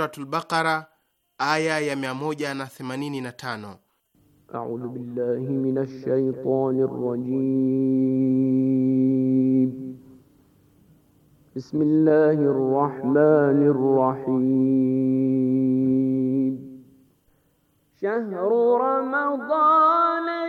Suratul Baqara aya ya 185. A'udhu billahi minash shaitani rrajim. Bismillahir rahmanir rahim. Shahru ramadana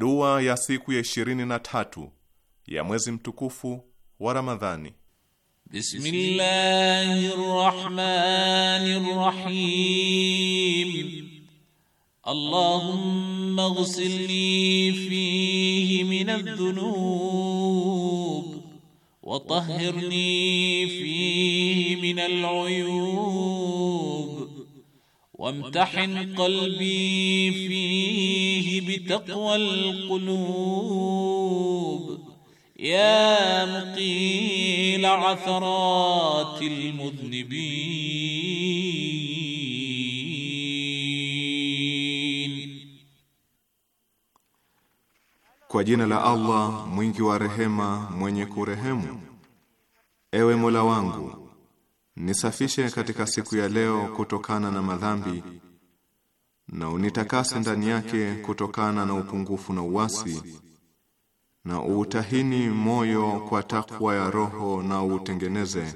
Dua ya siku ya ishirini na tatu ya mwezi mtukufu wa Ramadhani. Bismillahir Rahmanir Rahim. Allahumma ighsilni fihi minadh dhunub wa tahhirni fihi minal uyub wamtahin qalbi fihi bitaqwa alqulub ya muqila atharati almudhnibin, kwa jina la Allah mwingi wa rehema mwenye kurehemu. Ewe Mola wangu Nisafishe katika siku ya leo kutokana na madhambi na unitakase ndani yake kutokana na upungufu na uwasi na uutahini moyo kwa takwa ya roho na uutengeneze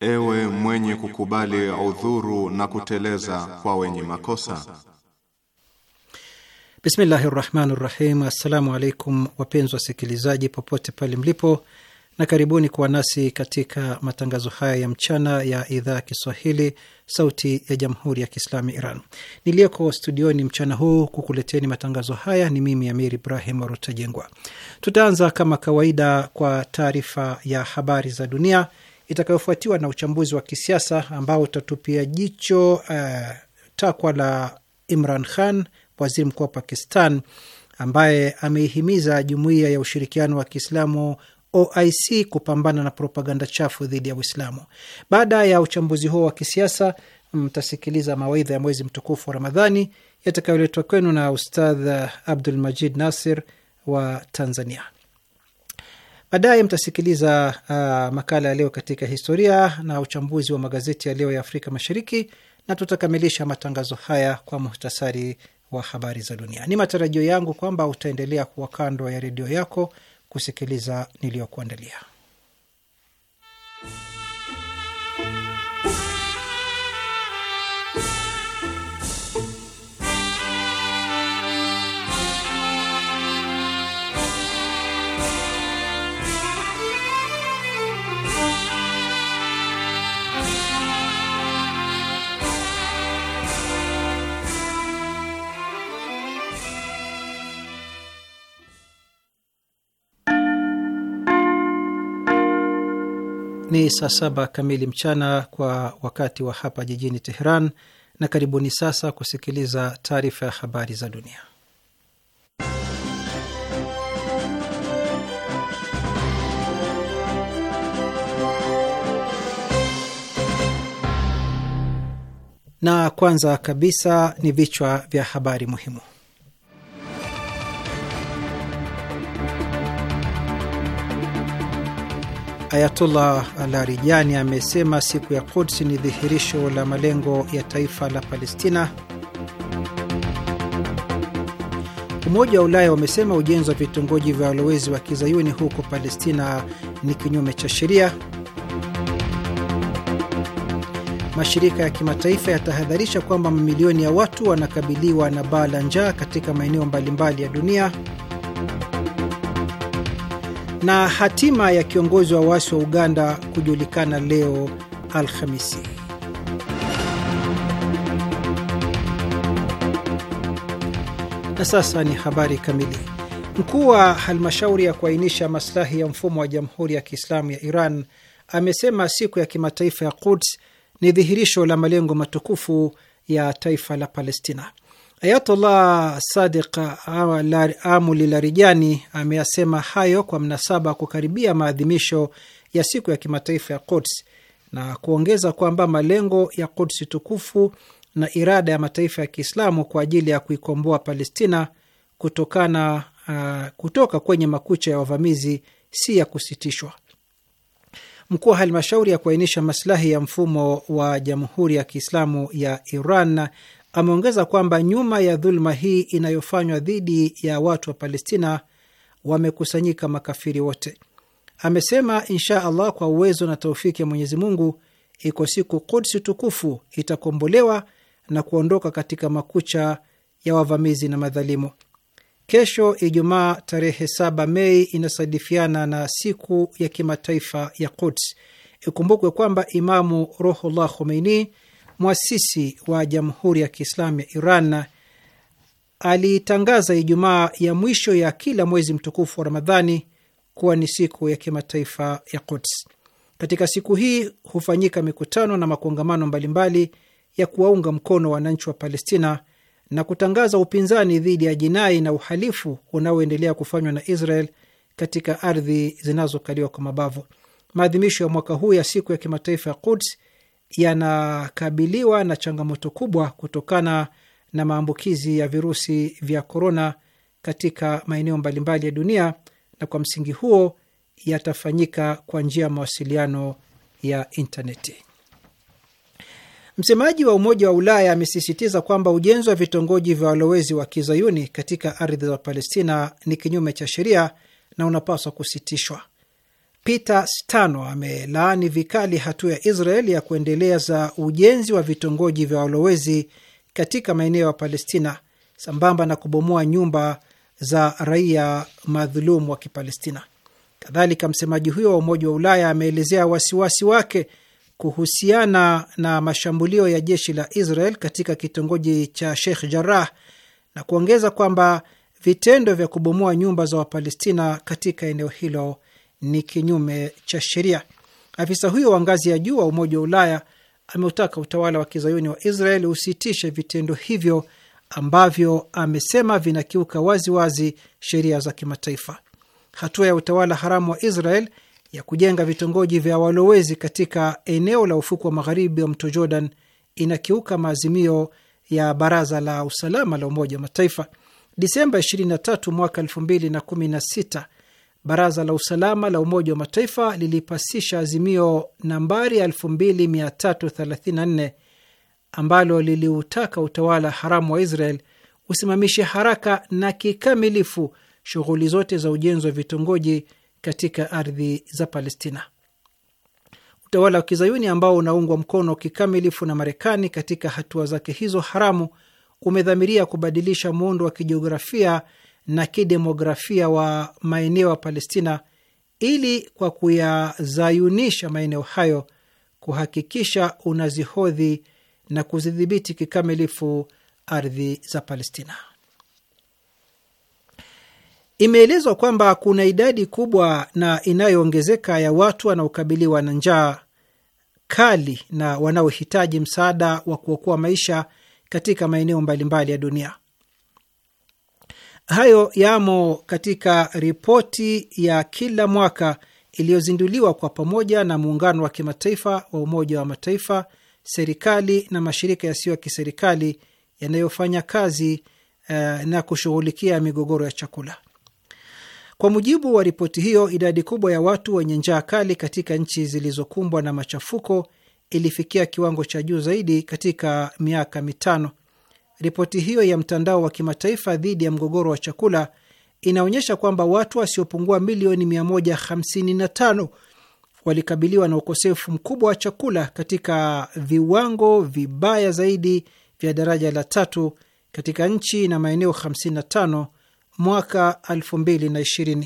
ewe mwenye kukubali udhuru na kuteleza kwa wenye makosa. Bismillahirrahmanirrahim. Assalamu alaikum wapenzi wasikilizaji popote pale mlipo na karibuni kuwa nasi katika matangazo haya ya mchana ya idhaa ya Kiswahili, Sauti ya Jamhuri ya Kiislamu Iran. Niliyeko studioni mchana huu kukuleteni matangazo haya ni mimi Amir Ibrahim Rutajengwa. Tutaanza kama kawaida kwa taarifa ya habari za dunia itakayofuatiwa na uchambuzi wa kisiasa ambao utatupia jicho uh, takwa la Imran Khan, waziri mkuu wa Pakistan, ambaye ameihimiza Jumuiya ya Ushirikiano wa Kiislamu OIC kupambana na propaganda chafu dhidi ya Uislamu. Baada ya uchambuzi huo wa kisiasa, mtasikiliza mawaidha ya mwezi mtukufu wa Ramadhani yatakayoletwa kwenu na Ustadh Abdul Majid Nasir wa Tanzania. Baadaye mtasikiliza uh, makala ya leo katika historia na uchambuzi wa magazeti ya leo ya Afrika Mashariki, na tutakamilisha matangazo haya kwa muhtasari wa habari za dunia. Ni matarajio yangu kwamba utaendelea kuwa kando ya redio yako kusikiliza niliyokuandalia. Ni saa saba kamili mchana kwa wakati wa hapa jijini Teheran, na karibuni sasa kusikiliza taarifa ya habari za dunia. Na kwanza kabisa ni vichwa vya habari muhimu. Ayatollah Larijani amesema siku ya Quds ni dhihirisho la malengo ya taifa la Palestina. Umoja wa Ulaya wamesema ujenzi wa vitongoji vya walowezi wa kizayuni huko Palestina ni kinyume cha sheria. Mashirika ya kimataifa yatahadharisha kwamba mamilioni ya watu wanakabiliwa na baa la njaa katika maeneo mbalimbali ya dunia na hatima ya kiongozi wa waasi wa Uganda kujulikana leo Alhamisi. Na sasa ni habari kamili. Mkuu wa halmashauri ya kuainisha maslahi ya mfumo wa Jamhuri ya Kiislamu ya Iran amesema siku ya kimataifa ya Quds ni dhihirisho la malengo matukufu ya taifa la Palestina. Ayatollah Sadiq larijani ameyasema hayo kwa mnasaba kukaribia maadhimisho ya siku ya kimataifa ya Quds na kuongeza kwamba malengo ya Quds tukufu na irada ya mataifa ya Kiislamu kwa ajili ya kuikomboa Palestina kutokana, uh, kutoka kwenye makucha ya wavamizi si ya kusitishwa. Mkuu wa halmashauri ya kuainisha masilahi ya mfumo wa Jamhuri ya Kiislamu ya Iran Ameongeza kwamba nyuma ya dhuluma hii inayofanywa dhidi ya watu wa Palestina wamekusanyika makafiri wote. Amesema insha Allah, kwa uwezo na taufiki ya Mwenyezi Mungu, iko siku Kudsi tukufu itakombolewa na kuondoka katika makucha ya wavamizi na madhalimu. Kesho Ijumaa tarehe 7 Mei inasadifiana na siku ya kimataifa ya kuds Ikumbukwe kwamba Imamu Ruhullah Khomeini mwasisi wa Jamhuri ya Kiislamu ya Iran alitangaza Ijumaa ya mwisho ya kila mwezi mtukufu wa Ramadhani kuwa ni siku ya kimataifa ya Quds. Katika siku hii hufanyika mikutano na makongamano mbalimbali ya kuwaunga mkono wananchi wa Palestina na kutangaza upinzani dhidi ya jinai na uhalifu unaoendelea kufanywa na Israel katika ardhi zinazokaliwa kwa mabavu. Maadhimisho ya mwaka huu ya siku ya kimataifa ya Quds yanakabiliwa na changamoto kubwa kutokana na maambukizi ya virusi vya korona katika maeneo mbalimbali ya dunia, na kwa msingi huo yatafanyika kwa njia ya mawasiliano ya intaneti. Msemaji wa Umoja wa Ulaya amesisitiza kwamba ujenzi wa vitongoji vya walowezi wa kizayuni katika ardhi za Palestina ni kinyume cha sheria na unapaswa kusitishwa. Peter Stano amelaani vikali hatua ya Israel ya kuendeleza ujenzi wa vitongoji vya walowezi katika maeneo ya Palestina sambamba na kubomoa nyumba za raia madhulumu wa Kipalestina. Kadhalika, msemaji huyo wa Umoja wa Ulaya ameelezea wasiwasi wake kuhusiana na mashambulio ya jeshi la Israel katika kitongoji cha Sheikh Jarrah na kuongeza kwamba vitendo vya kubomoa nyumba za Wapalestina katika eneo hilo ni kinyume cha sheria. Afisa huyo wa ngazi ya juu wa Umoja wa Ulaya ameutaka utawala wa kizayuni wa Israel usitishe vitendo hivyo ambavyo amesema vinakiuka waziwazi sheria za kimataifa. Hatua ya utawala haramu wa Israel ya kujenga vitongoji vya walowezi katika eneo la ufuku wa magharibi wa mto Jordan inakiuka maazimio ya Baraza la Usalama la Umoja wa Mataifa. Disemba 23 mwaka 2016 Baraza la Usalama la Umoja wa Mataifa lilipasisha azimio nambari 2334 ambalo liliutaka utawala haramu wa Israel usimamishe haraka na kikamilifu shughuli zote za ujenzi wa vitongoji katika ardhi za Palestina. Utawala wa kizayuni ambao unaungwa mkono kikamilifu na Marekani katika hatua zake hizo haramu umedhamiria kubadilisha muundo wa kijiografia na kidemografia wa maeneo ya Palestina ili kwa kuyazayunisha maeneo hayo kuhakikisha unazihodhi na kuzidhibiti kikamilifu ardhi za Palestina. Imeelezwa kwamba kuna idadi kubwa na inayoongezeka ya watu wanaokabiliwa na njaa kali na wanaohitaji msaada wa kuokoa maisha katika maeneo mbalimbali ya dunia. Hayo yamo katika ripoti ya kila mwaka iliyozinduliwa kwa pamoja na muungano wa kimataifa wa Umoja wa Mataifa, serikali na mashirika yasiyo ya kiserikali yanayofanya kazi eh, na kushughulikia migogoro ya chakula. Kwa mujibu wa ripoti hiyo, idadi kubwa ya watu wenye njaa kali katika nchi zilizokumbwa na machafuko ilifikia kiwango cha juu zaidi katika miaka mitano Ripoti hiyo ya mtandao wa kimataifa dhidi ya mgogoro wa chakula inaonyesha kwamba watu wasiopungua milioni 155 walikabiliwa na ukosefu mkubwa wa chakula katika viwango vibaya zaidi vya daraja la tatu katika nchi na maeneo 55 mwaka 2020.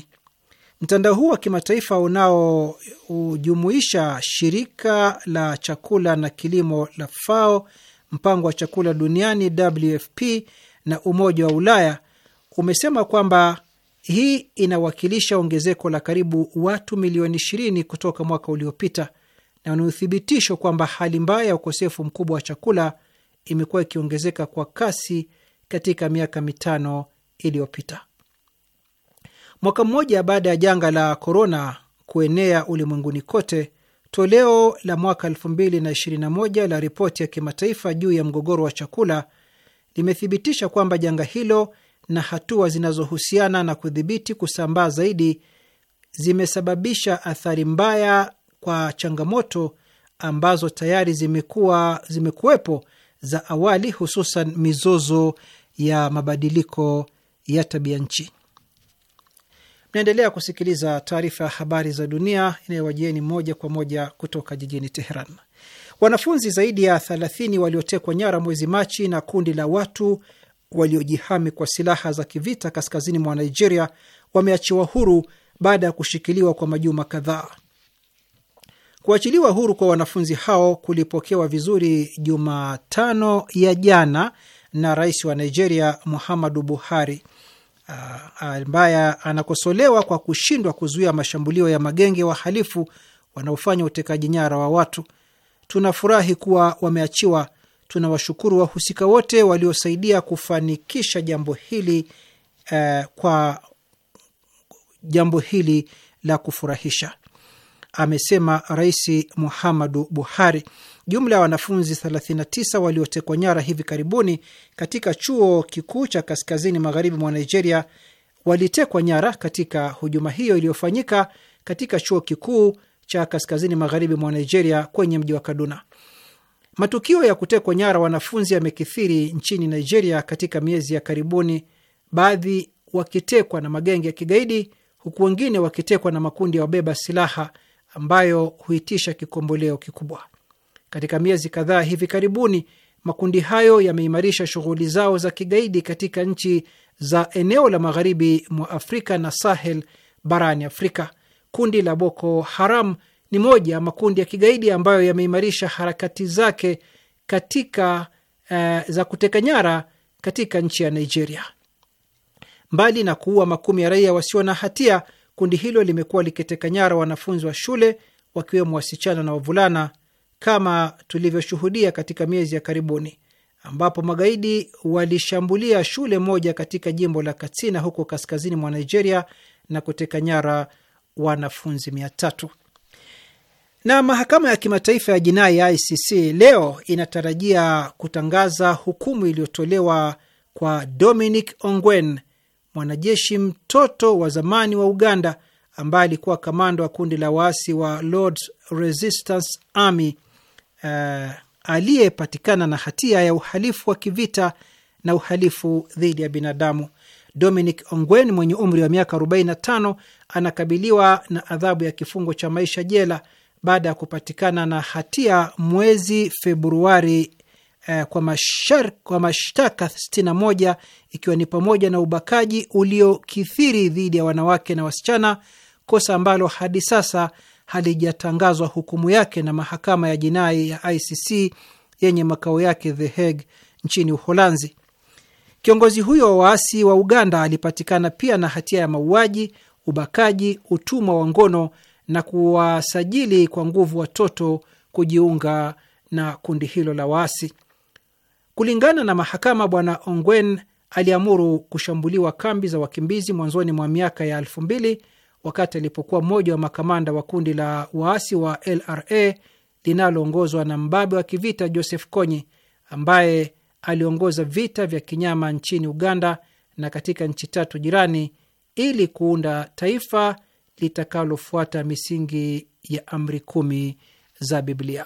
Mtandao huu wa kimataifa unaojumuisha shirika la chakula na kilimo la FAO mpango wa chakula duniani WFP na Umoja wa Ulaya umesema kwamba hii inawakilisha ongezeko la karibu watu milioni 20 kutoka mwaka uliopita na ni uthibitisho kwamba hali mbaya ya ukosefu mkubwa wa chakula imekuwa ikiongezeka kwa kasi katika miaka mitano iliyopita. Mwaka mmoja baada ya janga la korona kuenea ulimwenguni kote, Toleo la mwaka 2021 la ripoti ya kimataifa juu ya mgogoro wa chakula limethibitisha kwamba janga hilo na hatua zinazohusiana na kudhibiti kusambaa zaidi zimesababisha athari mbaya kwa changamoto ambazo tayari zimekuwa zimekuwepo za awali, hususan mizozo ya mabadiliko ya tabia nchi. Naendelea kusikiliza taarifa ya habari za dunia inayowajieni moja kwa moja kutoka jijini Teheran. Wanafunzi zaidi ya 30 waliotekwa nyara mwezi Machi na kundi la watu waliojihami kwa silaha za kivita kaskazini mwa Nigeria wameachiwa huru baada ya kushikiliwa kwa majuma kadhaa. Kuachiliwa huru kwa wanafunzi hao kulipokewa vizuri Jumatano ya jana na rais wa Nigeria Muhammadu Buhari ambaye ah, ah, anakosolewa kwa kushindwa kuzuia mashambulio ya magenge wahalifu wanaofanya utekaji nyara wa watu. Tunafurahi kuwa wameachiwa. Tunawashukuru wahusika wote waliosaidia kufanikisha jambo hili eh, kwa jambo hili la kufurahisha amesema Rais Muhammadu Buhari. Jumla ya wanafunzi 39 waliotekwa nyara hivi karibuni katika chuo kikuu cha kaskazini magharibi mwa Nigeria walitekwa nyara katika hujuma hiyo iliyofanyika katika chuo kikuu cha kaskazini magharibi mwa Nigeria kwenye mji wa Kaduna. Matukio ya kutekwa nyara wanafunzi yamekithiri nchini Nigeria katika miezi ya karibuni, baadhi wakitekwa na magenge ya kigaidi, huku wengine wakitekwa na makundi ya wabeba silaha ambayo huitisha kikomboleo kikubwa. Katika miezi kadhaa hivi karibuni, makundi hayo yameimarisha shughuli zao za kigaidi katika nchi za eneo la magharibi mwa Afrika na Sahel barani Afrika. Kundi la Boko Haram ni moja ya makundi ya kigaidi ambayo yameimarisha harakati zake katika uh, za kuteka nyara katika nchi ya Nigeria. Mbali na kuua makumi ya raia wasio na hatia, kundi hilo limekuwa likiteka nyara wanafunzi wa shule wakiwemo wasichana na wavulana kama tulivyoshuhudia katika miezi ya karibuni ambapo magaidi walishambulia shule moja katika jimbo la Katsina huko kaskazini mwa Nigeria na kuteka nyara wanafunzi mia tatu. Na mahakama ya kimataifa ya jinai ya ICC leo inatarajia kutangaza hukumu iliyotolewa kwa Dominic Ongwen, mwanajeshi mtoto wa zamani wa Uganda ambaye alikuwa kamanda wa kundi la waasi wa Lords Resistance Army uh, aliyepatikana na hatia ya uhalifu wa kivita na uhalifu dhidi ya binadamu. Dominic Ongwen mwenye umri wa miaka 45 anakabiliwa na adhabu ya kifungo cha maisha jela baada ya kupatikana na hatia mwezi Februari Eh, kwa, mashar, kwa mashtaka 61 ikiwa ni pamoja na ubakaji uliokithiri dhidi ya wanawake na wasichana, kosa ambalo hadi sasa halijatangazwa hukumu yake na mahakama ya jinai ya ICC yenye makao yake The Hague nchini Uholanzi. Kiongozi huyo wa waasi wa Uganda alipatikana pia na hatia ya mauaji, ubakaji, utumwa wa ngono na kuwasajili kwa nguvu watoto kujiunga na kundi hilo la waasi. Kulingana na mahakama, Bwana Ongwen aliamuru kushambuliwa kambi za wakimbizi mwanzoni mwa miaka ya elfu mbili wakati alipokuwa mmoja wa makamanda wa kundi la waasi wa LRA linaloongozwa na mbabe wa kivita Joseph Kony ambaye aliongoza vita vya kinyama nchini Uganda na katika nchi tatu jirani ili kuunda taifa litakalofuata misingi ya amri kumi za Biblia.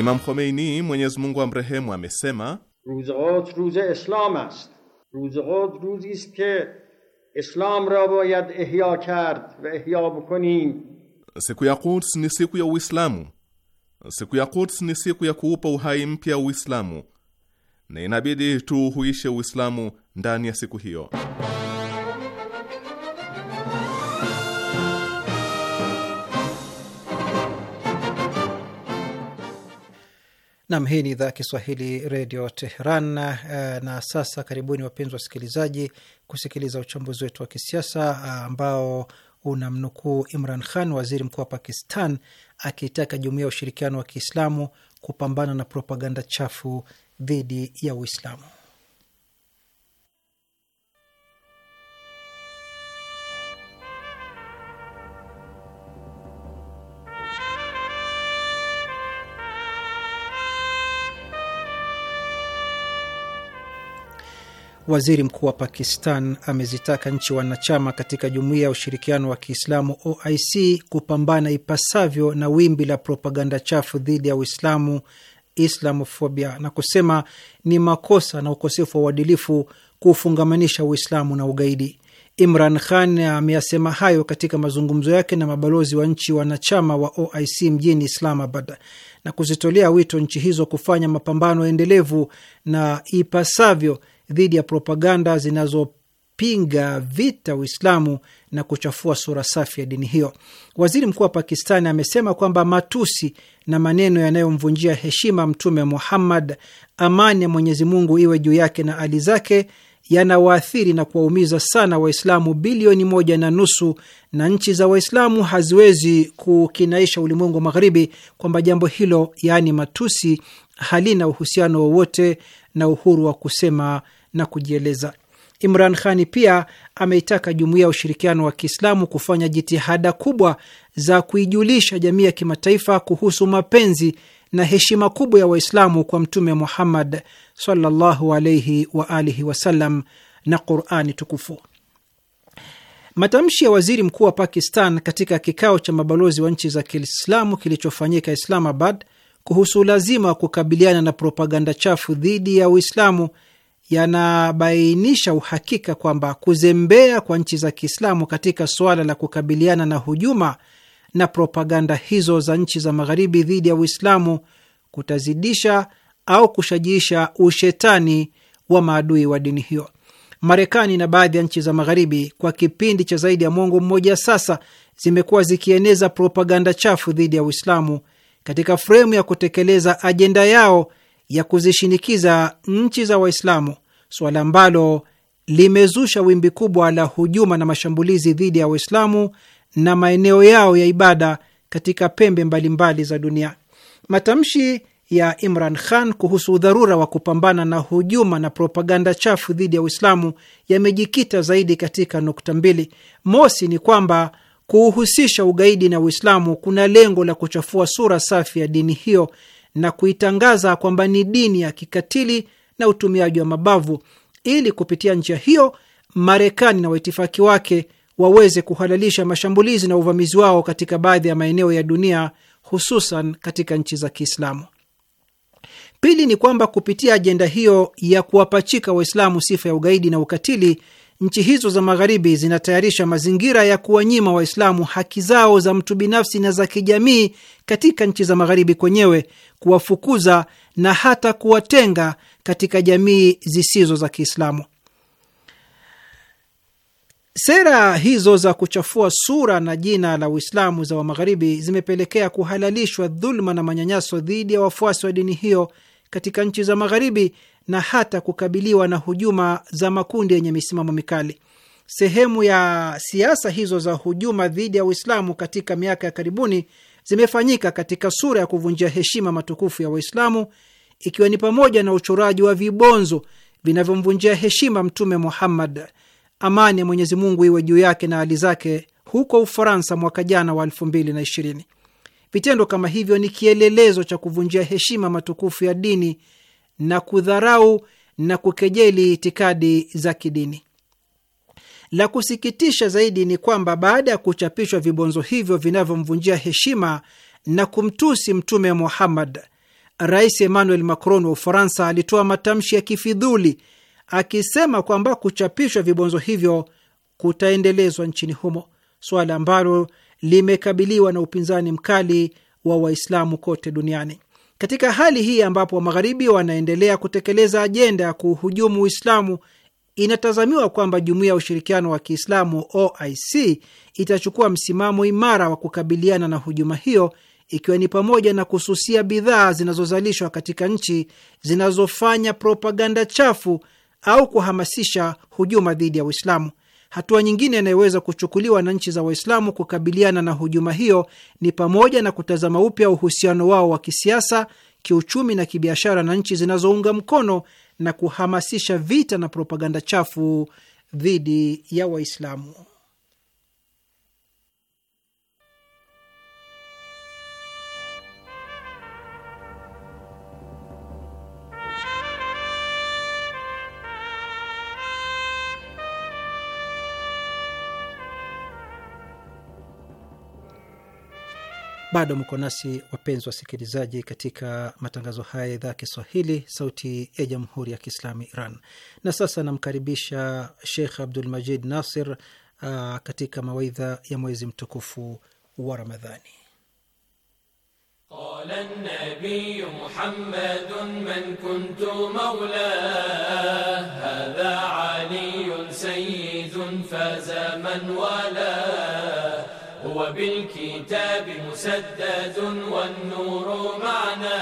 Imam Khomeini, Mwenyezi Mungu amrehemu, amesema ruze quds ruze islam ast ruze quds ruzi ist ke islam ra bayad ihya kard va ihya bukonim, siku ya Quds ni siku ya Uislamu. Siku ya Quds ni siku ya kuupa uhai mpya Uislamu, na inabidi tuuhuishe Uislamu ndani ya siku hiyo. Nam, hii ni idhaa ya Kiswahili redio Teheran. Eh, na sasa karibuni wapenzi wasikilizaji, kusikiliza uchambuzi wetu wa kisiasa ah, ambao unamnukuu Imran Khan, waziri mkuu wa Pakistan, akitaka jumuia ya ushirikiano wa Kiislamu kupambana na propaganda chafu dhidi ya Uislamu. waziri mkuu wa Pakistan amezitaka nchi wanachama katika jumuiya ya ushirikiano wa Kiislamu OIC kupambana ipasavyo na wimbi la propaganda chafu dhidi ya Uislamu, islamofobia, na kusema ni makosa na ukosefu wa uadilifu kuufungamanisha Uislamu na ugaidi. Imran Khan ameyasema hayo katika mazungumzo yake na mabalozi wa nchi wanachama wa OIC mjini Islamabad na kuzitolea wito nchi hizo kufanya mapambano endelevu na ipasavyo dhidi ya propaganda zinazopinga vita Uislamu na kuchafua sura safi ya dini hiyo. Waziri mkuu wa Pakistani amesema kwamba matusi na maneno yanayomvunjia heshima Mtume Muhammad, amani ya Mwenyezi Mungu iwe juu yake na ali zake, yanawaathiri na kuwaumiza sana Waislamu bilioni moja na nusu, na nchi za Waislamu haziwezi kukinaisha ulimwengu wa Magharibi kwamba jambo hilo, yaani matusi, halina uhusiano wowote na uhuru wa kusema na kujieleza. Imran Khani pia ameitaka jumuiya ya ushirikiano wa Kiislamu kufanya jitihada kubwa za kuijulisha jamii ya kimataifa kuhusu mapenzi na heshima kubwa ya Waislamu kwa Mtume Muhammad sallallahu alaihi wa alihi wasallam na Qurani tukufu. Matamshi ya waziri mkuu wa Pakistan katika kikao cha mabalozi wa nchi za Kiislamu kilichofanyika Islamabad kuhusu lazima wa kukabiliana na propaganda chafu dhidi ya Uislamu yanabainisha uhakika kwamba kuzembea kwa nchi za Kiislamu katika suala la kukabiliana na hujuma na propaganda hizo za nchi za Magharibi dhidi ya Uislamu kutazidisha au kushajiisha ushetani wa maadui wa dini hiyo. Marekani na baadhi ya nchi za Magharibi kwa kipindi cha zaidi ya mwongo mmoja sasa zimekuwa zikieneza propaganda chafu dhidi ya Uislamu katika fremu ya kutekeleza ajenda yao ya kuzishinikiza nchi za Waislamu, suala ambalo limezusha wimbi kubwa la hujuma na mashambulizi dhidi ya Waislamu na maeneo yao ya ibada katika pembe mbalimbali mbali za dunia. Matamshi ya Imran Khan kuhusu udharura wa kupambana na hujuma na propaganda chafu dhidi ya Uislamu yamejikita zaidi katika nukta mbili. Mosi ni kwamba kuuhusisha ugaidi na Uislamu kuna lengo la kuchafua sura safi ya dini hiyo na kuitangaza kwamba ni dini ya kikatili na utumiaji wa mabavu, ili kupitia njia hiyo Marekani na waitifaki wake waweze kuhalalisha mashambulizi na uvamizi wao katika baadhi ya maeneo ya dunia, hususan katika nchi za Kiislamu. Pili ni kwamba kupitia ajenda hiyo ya kuwapachika Waislamu sifa ya ugaidi na ukatili nchi hizo za magharibi zinatayarisha mazingira ya kuwanyima Waislamu haki zao za mtu binafsi na za kijamii katika nchi za magharibi kwenyewe, kuwafukuza na hata kuwatenga katika jamii zisizo za Kiislamu. Sera hizo za kuchafua sura na jina la Uislamu za Wamagharibi zimepelekea kuhalalishwa dhuluma na manyanyaso dhidi ya wafuasi wa dini hiyo katika nchi za Magharibi na hata kukabiliwa na hujuma za makundi yenye misimamo mikali. Sehemu ya siasa hizo za hujuma dhidi ya Uislamu katika miaka ya karibuni zimefanyika katika sura ya kuvunjia heshima matukufu ya Waislamu, ikiwa ni pamoja na uchoraji wa vibonzo vinavyomvunjia heshima Mtume Muhammad, amani ya Mwenyezi Mungu iwe juu yake na hali zake, huko Ufaransa mwaka jana wa 2020. Vitendo kama hivyo ni kielelezo cha kuvunjia heshima matukufu ya dini na kudharau na kukejeli itikadi za kidini. La kusikitisha zaidi ni kwamba baada ya kuchapishwa vibonzo hivyo vinavyomvunjia heshima na kumtusi Mtume Muhammad, Rais Emmanuel Macron wa Ufaransa alitoa matamshi ya kifidhuli akisema kwamba kuchapishwa vibonzo hivyo kutaendelezwa nchini humo, suala ambalo limekabiliwa na upinzani mkali wa Waislamu kote duniani. Katika hali hii ambapo magharibi wanaendelea kutekeleza ajenda ya kuhujumu Uislamu, inatazamiwa kwamba jumuiya ya ushirikiano wa Kiislamu OIC itachukua msimamo imara wa kukabiliana na hujuma hiyo, ikiwa ni pamoja na kususia bidhaa zinazozalishwa katika nchi zinazofanya propaganda chafu au kuhamasisha hujuma dhidi ya Uislamu. Hatua nyingine inayoweza kuchukuliwa na nchi za Waislamu kukabiliana na hujuma hiyo ni pamoja na kutazama upya uhusiano wao wa kisiasa, kiuchumi na kibiashara na nchi zinazounga mkono na kuhamasisha vita na propaganda chafu dhidi ya Waislamu. Bado mko nasi wapenzi wasikilizaji, katika matangazo haya ya idhaa ya Kiswahili, sauti ya jamhuri ya kiislamu Iran. Na sasa namkaribisha Sheikh Abdul Majid Nasir uh, katika mawaidha ya mwezi mtukufu wa Ramadhani. Qala an Muhammadun man kuntu mawla hadha sayyidun faza man wala وبالكتاب مسدد والنور معنا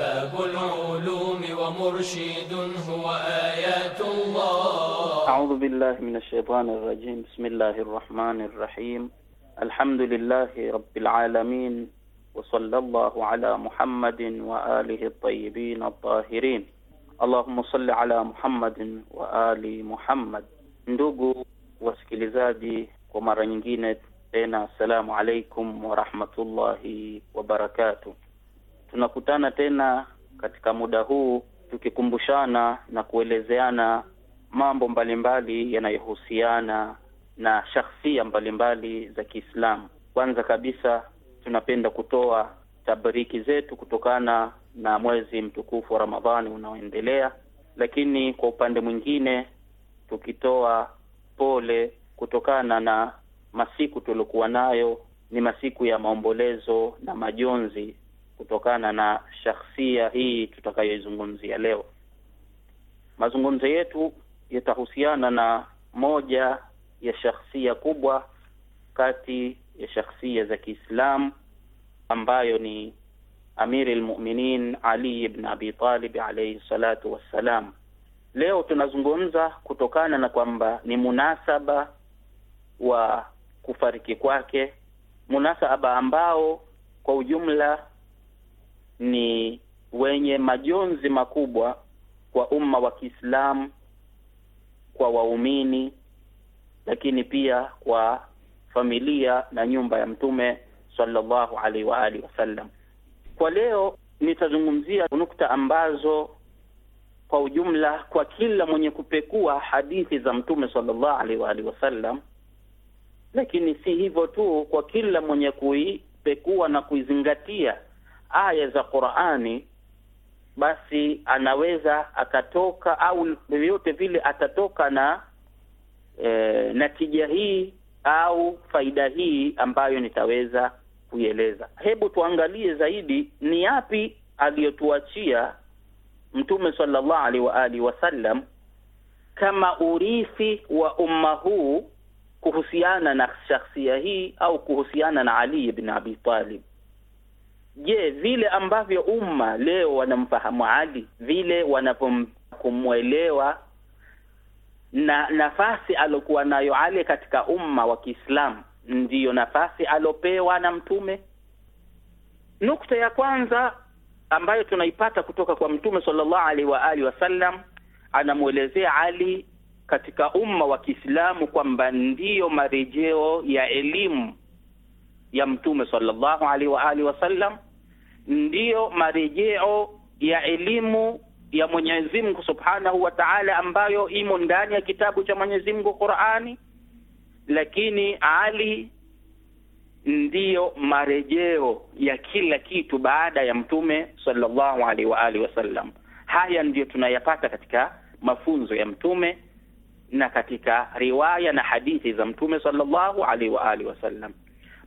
باب العلوم ومرشد هو آيات الله أعوذ بالله من الشيطان الرجيم بسم الله الرحمن الرحيم الحمد لله رب العالمين وصلى الله على محمد وآله الطيبين الطاهرين اللهم صل على محمد وآل محمد Muhammad. وسكيلزادي wasikilizaji, kwa mara nyingine tena, assalamu alaikum warahmatullahi wabarakatu Tunakutana tena katika muda huu tukikumbushana na kuelezeana mambo mbalimbali yanayohusiana na shakhsia mbalimbali za Kiislamu. Kwanza kabisa, tunapenda kutoa tabriki zetu kutokana na mwezi mtukufu wa Ramadhani unaoendelea, lakini kwa upande mwingine tukitoa pole kutokana na masiku tuliokuwa nayo ni masiku ya maombolezo na majonzi kutokana na shakhsia hii tutakayoizungumzia leo. Mazungumzo yetu yatahusiana na moja ya shakhsia kubwa kati ya shakhsia za Kiislamu ambayo ni Amiri lmuminin Ali bn abitalib alaihi salatu wassalam. Leo tunazungumza kutokana na kwamba ni munasaba wa kufariki kwake, munasaba ambao kwa ujumla ni wenye majonzi makubwa kwa umma wa Kiislamu, kwa waumini, lakini pia kwa familia na nyumba ya Mtume sallallahu alaihi wa alihi wasallam. Kwa leo nitazungumzia nukta ambazo kwa ujumla kwa kila mwenye kupekua hadithi za Mtume sallallahu alaihi wa alihi wasallam lakini si hivyo tu, kwa kila mwenye kuipekua na kuizingatia aya za Qur'ani, basi anaweza akatoka au vyovyote vile atatoka na e, natija hii au faida hii ambayo nitaweza kuieleza. Hebu tuangalie zaidi ni yapi aliyotuachia Mtume sallallahu alaihi wa alihi wasallam kama urithi wa umma huu kuhusiana na shakhsia hii au kuhusiana na Ali ibn Abi Talib. Je, vile ambavyo umma leo wanamfahamu Ali, vile wanavyomwelewa na nafasi alokuwa nayo Ali katika umma wa Kiislamu, ndiyo nafasi alopewa na Mtume? Nukta ya kwanza ambayo tunaipata kutoka kwa Mtume sallallahu alaihi wa alihi wasallam, anamwelezea Ali katika umma wa Kiislamu kwamba ndiyo marejeo ya elimu ya Mtume sallallahu alaihi wa alihi wasallam, ndiyo marejeo ya elimu ya Mwenyezi Mungu Subhanahu wa Ta'ala ambayo imo ndani ya kitabu cha Mwenyezi Mungu Qur'ani, lakini Ali ndiyo marejeo ya kila kitu baada ya Mtume sallallahu alaihi wa alihi wasallam. Haya ndiyo tunayapata katika mafunzo ya Mtume na katika riwaya na hadithi za Mtume sallallahu alaihi wa alihi wasallam.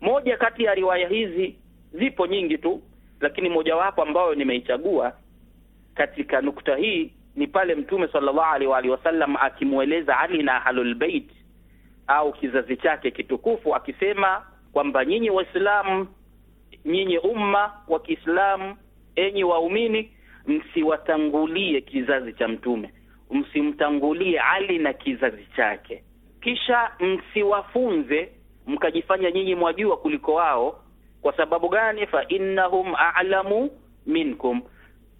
Moja kati ya riwaya hizi zipo nyingi tu, lakini mojawapo ambayo nimeichagua katika nukta hii ni pale Mtume sallallahu alaihi wa alihi wasallam akimweleza Ali na ahlul bait au kizazi chake kitukufu akisema kwamba nyinyi Waislamu, nyinyi umma wa Kiislamu, enyi waumini, msiwatangulie kizazi cha Mtume msimtangulie Ali na kizazi chake, kisha msiwafunze mkajifanya nyinyi mwajua kuliko wao. Kwa sababu gani? fa innahum a'lamu minkum.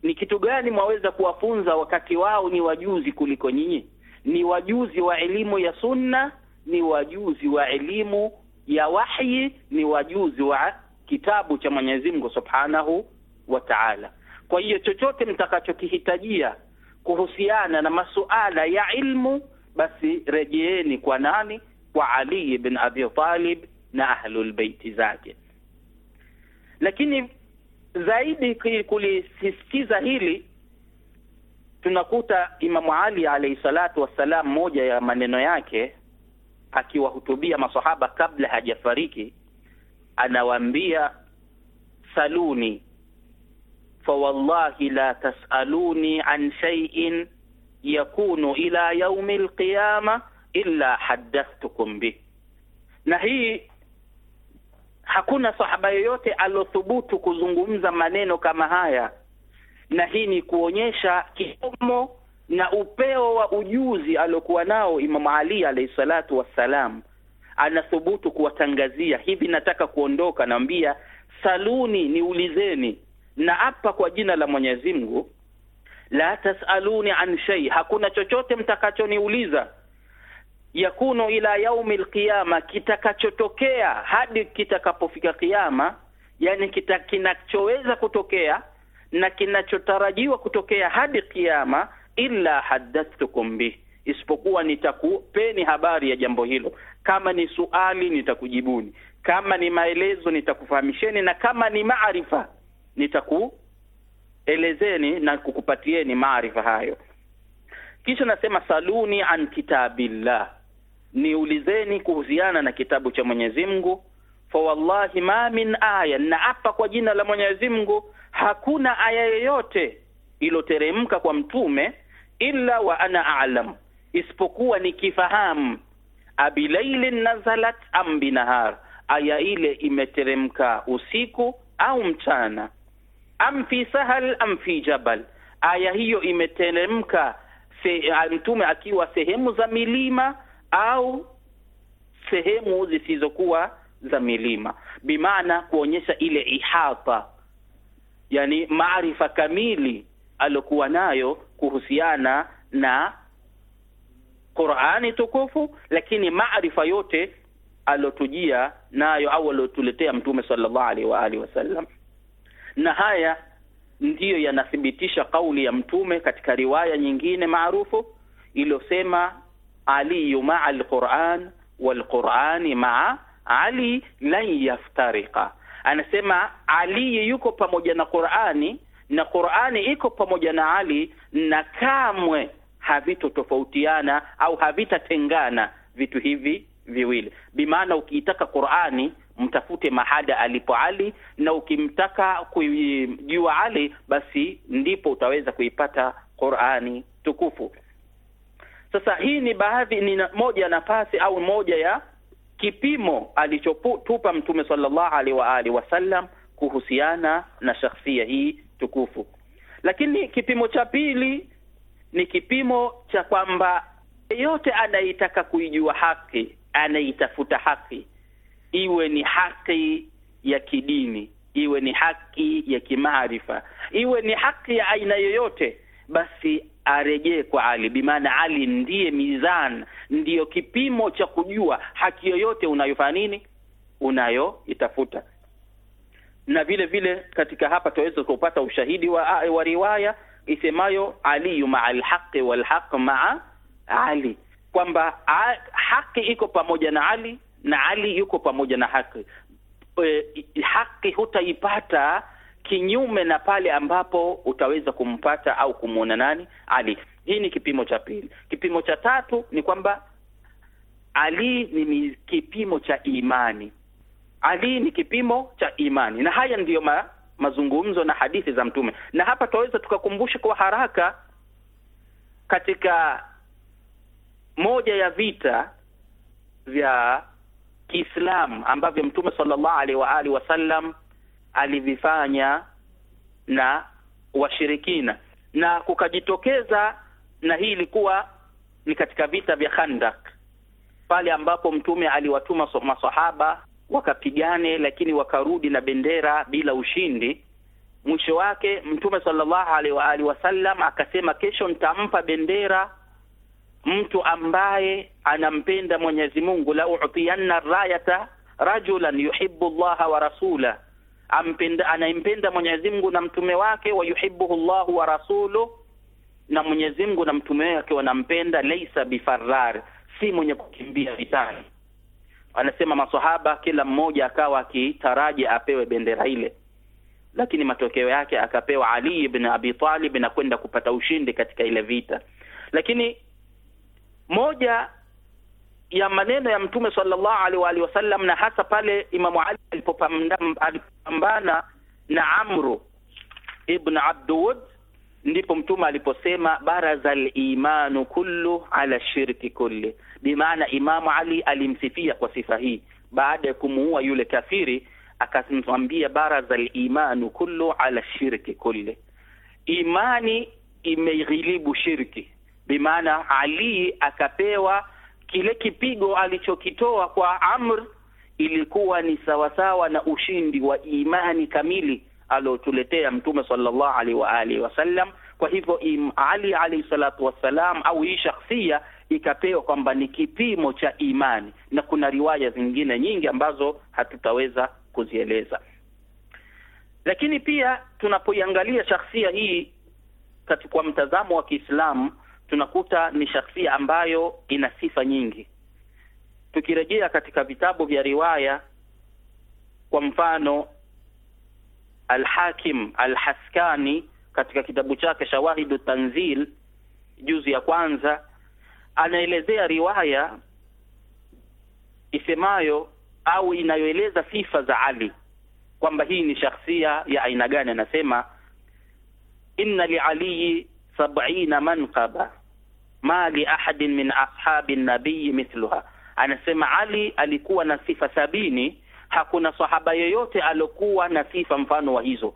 Ni kitu gani mwaweza kuwafunza wakati wao ni wajuzi kuliko nyinyi? Ni wajuzi wa elimu ya sunna, ni wajuzi wa elimu ya wahyi, ni wajuzi wa kitabu cha Mwenyezi Mungu Subhanahu wa Ta'ala. Kwa hiyo chochote mtakachokihitajia kuhusiana na masuala ya ilmu, basi rejeeni kwa nani? Kwa Ali ibn Abi Talib na ahlul zake. Lakini zaidi kulisisitiza hili, tunakuta Imamu Ali alayhi salatu wassalam, moja ya maneno yake akiwahutubia masahaba kabla hajafariki, anawaambia saluni fawallahi la tasaluni an shay'in yakunu ila yaumi alqiyama illa haddathtukum bih. Na hii hakuna sahaba yoyote alothubutu kuzungumza maneno kama haya, na hii ni kuonyesha kisomo na upeo wa ujuzi aliokuwa nao Imamu Ali alayhi salatu wassalam. Anathubutu kuwatangazia hivi, nataka kuondoka, naambia saluni, niulizeni na hapa kwa jina la Mwenyezi Mungu, la tasaluni an shay, hakuna chochote mtakachoniuliza yakunu ila yaumi lqiyama, kitakachotokea hadi kitakapofika Kiyama, yani kita kinachoweza kutokea na kinachotarajiwa kutokea hadi Kiyama, illa haddathtukum bih, isipokuwa nitakupeni habari ya jambo hilo. Kama ni suali nitakujibuni, kama ni maelezo nitakufahamisheni, na kama ni maarifa nitakuelezeni na kukupatieni maarifa hayo. Kisha nasema saluni an kitabillah, niulizeni kuhusiana na kitabu cha Mwenyezi Mungu. Fa wallahi ma min aya, na hapa kwa jina la Mwenyezi Mungu, hakuna aya yoyote iloteremka kwa mtume illa wa ana alam, isipokuwa nikifahamu. Abilailin nazalat am binahar, aya ile imeteremka usiku au mchana am fi sahal am fi jabal. Aya hiyo imeteremka eh, mtume akiwa sehemu za milima au sehemu zisizokuwa za milima, bimaana kuonyesha ile ihata, yani maarifa kamili aliokuwa nayo kuhusiana na Qur'ani tukufu, lakini maarifa yote aliotujia nayo au aliotuletea mtume sallallahu alaihi wa alihi wasallam na haya ndiyo yanathibitisha kauli ya Mtume katika riwaya nyingine maarufu iliyosema aliyu maa alquran walqurani maa ali lan yaftariqa, anasema Ali yuko pamoja na Qurani na Qurani iko pamoja na Ali na kamwe havitotofautiana au havitatengana vitu hivi viwili. Bimaana ukiitaka Qurani mtafute mahada alipo Ali, na ukimtaka kujua Ali, basi ndipo utaweza kuipata Qur'ani tukufu. Sasa hii ni baadhi, ni moja nafasi au moja ya kipimo alichotupa Mtume sallallahu alaihi wa alihi wasallam kuhusiana na shakhsia hii tukufu. Lakini kipimo cha pili ni kipimo cha kwamba yeyote anayetaka kuijua haki, anaitafuta haki iwe ni haki ya kidini, iwe ni haki ya kimaarifa, iwe ni haki ya aina yoyote, basi arejee kwa Ali. Bimaana Ali ndiye mizan, ndiyo kipimo cha kujua haki yoyote unayofanya nini, unayoitafuta. Na vile vile katika hapa tunaweza kupata ushahidi wa, wa riwaya isemayo aliyu maa alhaqi walhaq maa Ali, kwamba haki iko pamoja na Ali na Ali yuko pamoja na haki. E, haki hutaipata kinyume na pale ambapo utaweza kumpata au kumwona nani Ali. Hii ni kipimo cha pili. Kipimo cha tatu ni kwamba Ali ni kipimo cha imani. Ali ni kipimo cha imani, na haya ndiyo ma, mazungumzo na hadithi za Mtume, na hapa tunaweza tukakumbusha kwa haraka katika moja ya vita vya Kiislamu ambavyo Mtume sallallahu alaihi wa alihi wasallam alivifanya na washirikina, na kukajitokeza, na hii ilikuwa ni katika vita vya Khandak pale ambapo Mtume aliwatuma masahaba wakapigane, lakini wakarudi na bendera bila ushindi. Mwisho wake Mtume sallallahu alaihi wa alihi wasallam akasema, kesho nitampa bendera mtu ambaye anampenda Mwenyezi Mungu, la utiyanna rayata rajulan yuhibbu llaha wa rasula, ampenda anaimpenda Mwenyezi Mungu na mtume wake, wa yuhibbuhu llahu wa rasulu, na Mwenyezi Mungu na mtume wake wanampenda. Laisa bifarrar, si mwenye kukimbia vitani. Anasema maswahaba kila mmoja akawa akitaraji apewe bendera ile, lakini matokeo yake akapewa Ali ibn Abi Talib na kwenda kupata ushindi katika ile vita, lakini moja ya maneno ya Mtume sallallahu alaihi wa alihi wasallam, na hasa pale Imamu Ali alipopambana na Amru ibn Abdud, ndipo Mtume aliposema baraza limanu imanu kullu ala shirki kulli, bimaana Imamu Ali alimsifia kwa sifa hii baada ya kumuua yule kafiri, akamwambia baraza limanu imanu kullu ala shirki kulli, imani imeghilibu shirki bimaana Ali akapewa kile kipigo alichokitoa kwa Amr ilikuwa ni sawasawa na ushindi wa imani kamili aliotuletea Mtume sallallahu alaihi wa alihi wasallam. Kwa hivyo Ali alayhi salatu wassalam au hii shakhsia ikapewa kwamba ni kipimo cha imani, na kuna riwaya zingine nyingi ambazo hatutaweza kuzieleza. Lakini pia tunapoiangalia shakhsia hii katika mtazamo wa Kiislamu tunakuta ni shakhsia ambayo ina sifa nyingi. Tukirejea katika vitabu vya riwaya, kwa mfano Alhakim Alhaskani katika kitabu chake Shawahidu Tanzil juzi ya kwanza anaelezea riwaya isemayo au inayoeleza sifa za Ali kwamba hii ni shakhsia ya aina gani. Anasema inna lialiyi sab'ina manqaba ma li ahadin min ashabi nabii mithluha, anasema Ali alikuwa na sifa sabini, hakuna sahaba yoyote aliokuwa na sifa mfano wa hizo,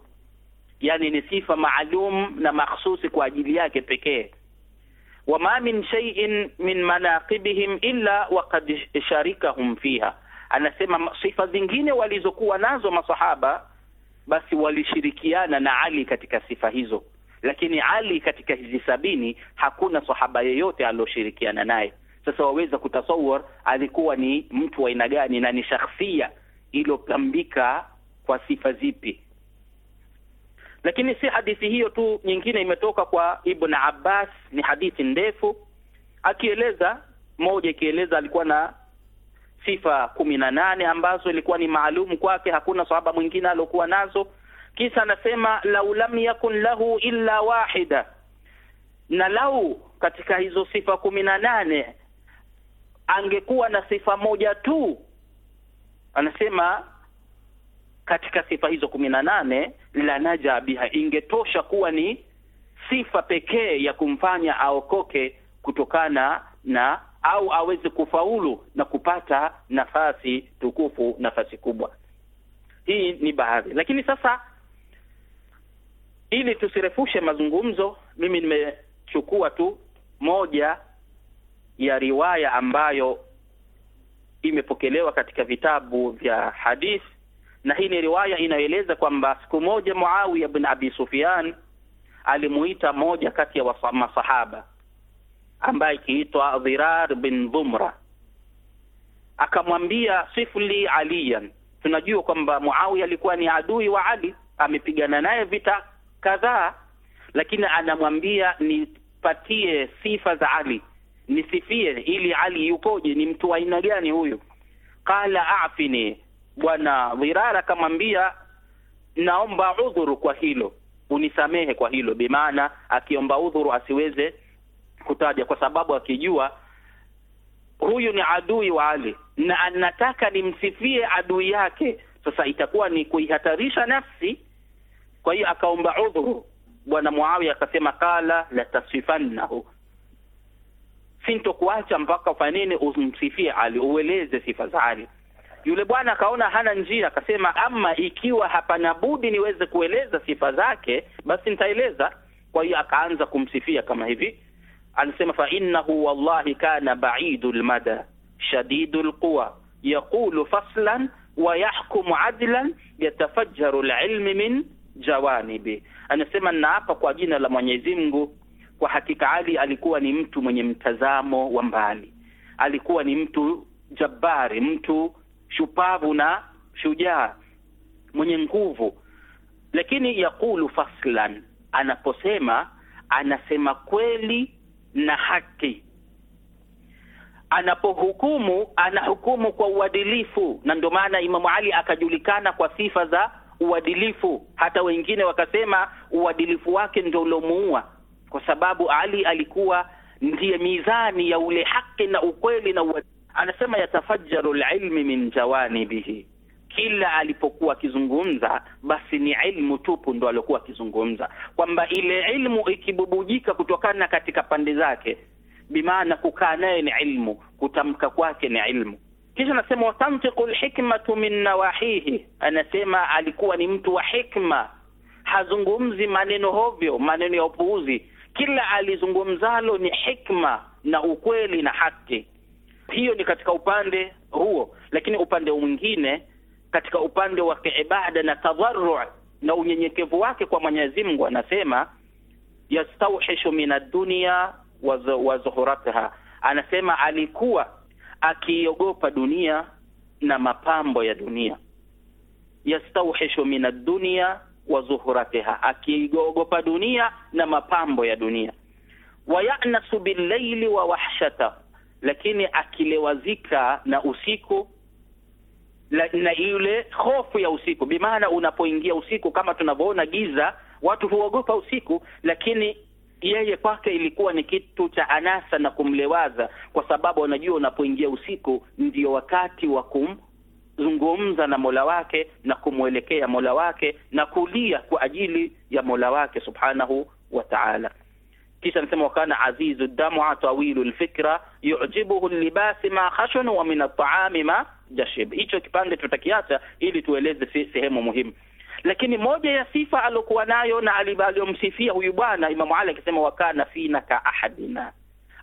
yani ni sifa maalum na makhsusi kwa ajili yake pekee. wa ma min shay'in min manaqibihim illa waqad sharikahum fiha, anasema sifa zingine walizokuwa nazo masahaba basi walishirikiana na Ali katika sifa hizo lakini Ali katika hizi sabini hakuna sahaba yeyote aliyoshirikiana naye. Sasa waweza kutasawar alikuwa ni mtu wa aina gani na ni shakhsia iliyopambika kwa sifa zipi? Lakini si hadithi hiyo tu, nyingine imetoka kwa Ibn Abbas, ni hadithi ndefu akieleza moja, ikieleza alikuwa na sifa kumi na nane ambazo ilikuwa ni maalumu kwake, hakuna sahaba mwingine aliokuwa nazo Kisa anasema lau lam yakun lahu illa wahida, na lau katika hizo sifa kumi na nane angekuwa na sifa moja tu. Anasema katika sifa hizo kumi na nane la naja biha, ingetosha kuwa ni sifa pekee ya kumfanya aokoke kutokana na au aweze kufaulu na kupata nafasi tukufu, nafasi kubwa. Hii ni baadhi, lakini sasa ili tusirefushe mazungumzo, mimi nimechukua tu moja ya riwaya ambayo imepokelewa katika vitabu vya hadith, na hii ni riwaya inayoeleza kwamba siku moja Muawiya bin Abi Sufyan alimuita moja kati ya masahaba ambaye ikiitwa Dhirar bin Dhumra, akamwambia sifli aliyan. Tunajua kwamba Muawiya alikuwa ni adui wa Ali, amepigana naye vita kadhaa, lakini anamwambia nipatie sifa za Ali, nisifie ili Ali yukoje, ni mtu wa aina gani huyu? Qala afini, bwana Dhirara akamwambia naomba udhuru kwa hilo, unisamehe kwa hilo. Bimaana akiomba udhuru asiweze kutaja, kwa sababu akijua huyu ni adui wa Ali na anataka nimsifie adui yake, sasa itakuwa ni kuihatarisha nafsi kwa hiyo akaomba udhuru bwana Muawiya, akasema qala la tasfifannahu, sintokuacha mpaka ufanye Umsifie Ali, ueleze sifa za Ali. Yule bwana akaona hana njia, akasema ama ikiwa hapana budi niweze kueleza sifa zake, basi nitaeleza. Kwa hiyo akaanza kumsifia kama hivi, anasema fa innahu wallahi kana baidul mada shadidul quwa yaqulu faslan wa yahkumu adlan yatafajjaru alilmi min Jawanibi anasema, naapa kwa jina la Mwenyezi Mungu, kwa hakika Ali alikuwa ni mtu mwenye mtazamo wa mbali, alikuwa ni mtu jabari, mtu shupavu na shujaa mwenye nguvu. Lakini yakulu faslan, anaposema anasema kweli na haki, anapohukumu anahukumu kwa uadilifu, na ndio maana Imamu Ali akajulikana kwa sifa za uadilifu, hata wengine wakasema uadilifu wake ndio uliomuua, kwa sababu Ali alikuwa ndiye mizani ya ule haki na ukweli na uadilifu. Anasema yatafajjaru lilmi min jawanibihi, kila alipokuwa akizungumza basi ni ilmu tupu ndo aliokuwa akizungumza, kwamba ile ilmu ikibubujika kutokana katika pande zake, bimaana kukaa naye ni ilmu, kutamka kwake ni ilmu kisha anasema watantiqu lhikmatu min nawahihi, anasema alikuwa ni mtu wa hikma, hazungumzi maneno hovyo, maneno ya upuuzi. Kila alizungumzalo ni hikma na ukweli na haki. Hiyo ni katika upande huo, lakini upande mwingine, katika upande wa kiibada na tadharu na unyenyekevu wake kwa Mwenyezi Mungu, anasema yastauhishu min ad-dunya wa zuhuratha, anasema alikuwa akiiogopa dunia na mapambo ya dunia, yastauhishu min ad-dunya wa zuhuratiha, akiogopa dunia na mapambo ya dunia. Wayanasu billaili wa wahshata, lakini akilewazika na usiku la, na ile hofu ya usiku, bimaana unapoingia usiku, kama tunavyoona giza, watu huogopa usiku, lakini yeye kwake ilikuwa ni kitu cha anasa na kumlewaza, kwa sababu anajua unapoingia usiku ndio wakati wa kumzungumza na Mola wake na kumwelekea Mola wake na kulia kwa ajili ya Mola wake subhanahu wa ta'ala. Kisha anasema wakana azizu dam'a tawilu lfikra yujibuhu libasi ma khashun wa min at'ami ma jashib. Hicho kipande tutakiacha ili tueleze sehemu muhimu lakini moja ya sifa aliokuwa nayo na aliyomsifia huyu bwana Imamu Ali akisema, wakana fina ka ahadina,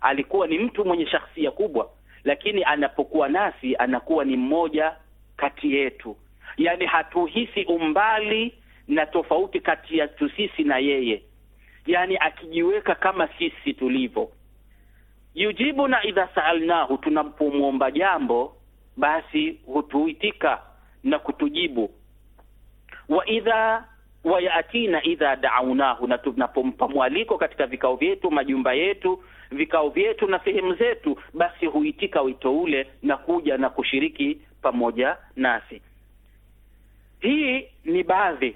alikuwa ni mtu mwenye shakhsia kubwa, lakini anapokuwa nasi anakuwa ni mmoja kati yetu, yani hatuhisi umbali na tofauti kati yetu sisi na yeye, yani akijiweka kama sisi tulivyo. Yujibu na idha saalnahu, tunapomwomba jambo basi hutuitika na kutujibu wa idha wayatina idha daaunahu, na tunapompa mwaliko katika vikao vyetu, majumba yetu, vikao vyetu na sehemu zetu, basi huitika wito ule na kuja na kushiriki pamoja nasi. Hii ni baadhi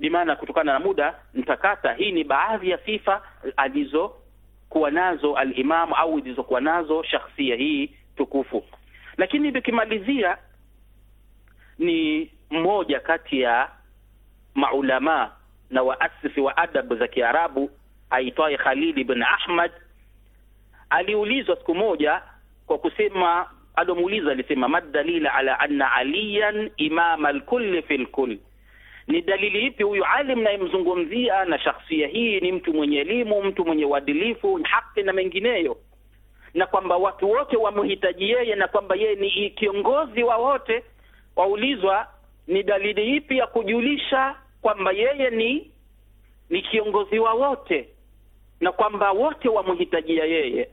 bimaana, kutokana na muda nitakata. Hii ni baadhi ya sifa alizokuwa nazo alimamu au ilizokuwa nazo shakhsia hii tukufu, lakini nikimalizia ni mmoja kati ya maulamaa na waasisi wa adabu za Kiarabu aitwaye Khalid ibn Ahmad aliulizwa siku moja kwa kusema, alomuuliza alisema, madalila ala anna aliyan imama alkulli fi lkul, ni dalili ipi huyu alim nayemzungumzia na shakhsia hii ni mtu mwenye elimu, mtu mwenye uadilifu, haki na mengineyo, na kwamba watu wote wamhitaji yeye, na kwamba yeye ni kiongozi wa wote. Waulizwa ni dalili ipi ya kujulisha kwamba yeye ni ni kiongozi wa wote na kwamba wote wamhitajia yeye?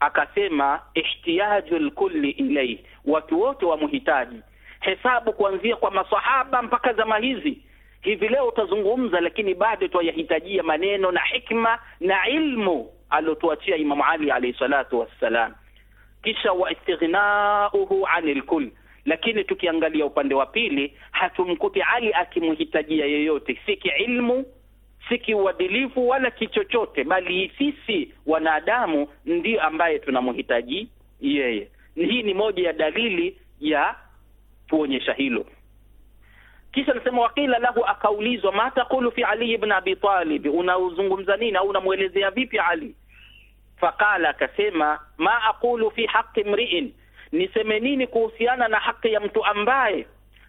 Akasema ihtiyaju lkulli ilaihi, watu wote wamhitaji. Hesabu kuanzia kwa masahaba mpaka zama hizi hivi leo utazungumza, lakini bado twayahitajia maneno na hikma na ilmu aliotuachia Imamu Ali alayhi salatu wassalam. Kisha wa istighnauhu anil kull lakini tukiangalia upande wa pili, hatumkuti Ali akimhitajia yeyote, si kiilmu, si kiuadilifu, wala kichochote, bali sisi wanadamu ndio ambaye tunamhitaji yeye. Hii ni moja ya dalili ya kuonyesha hilo. Kisha anasema waqila lahu, akaulizwa ma taqulu fi Ali ibn Abi Talib, unauzungumza nini au unamwelezea vipi Ali? Faqala, akasema ma aqulu fi haqqi mri'in niseme nini kuhusiana na haki ya mtu ambaye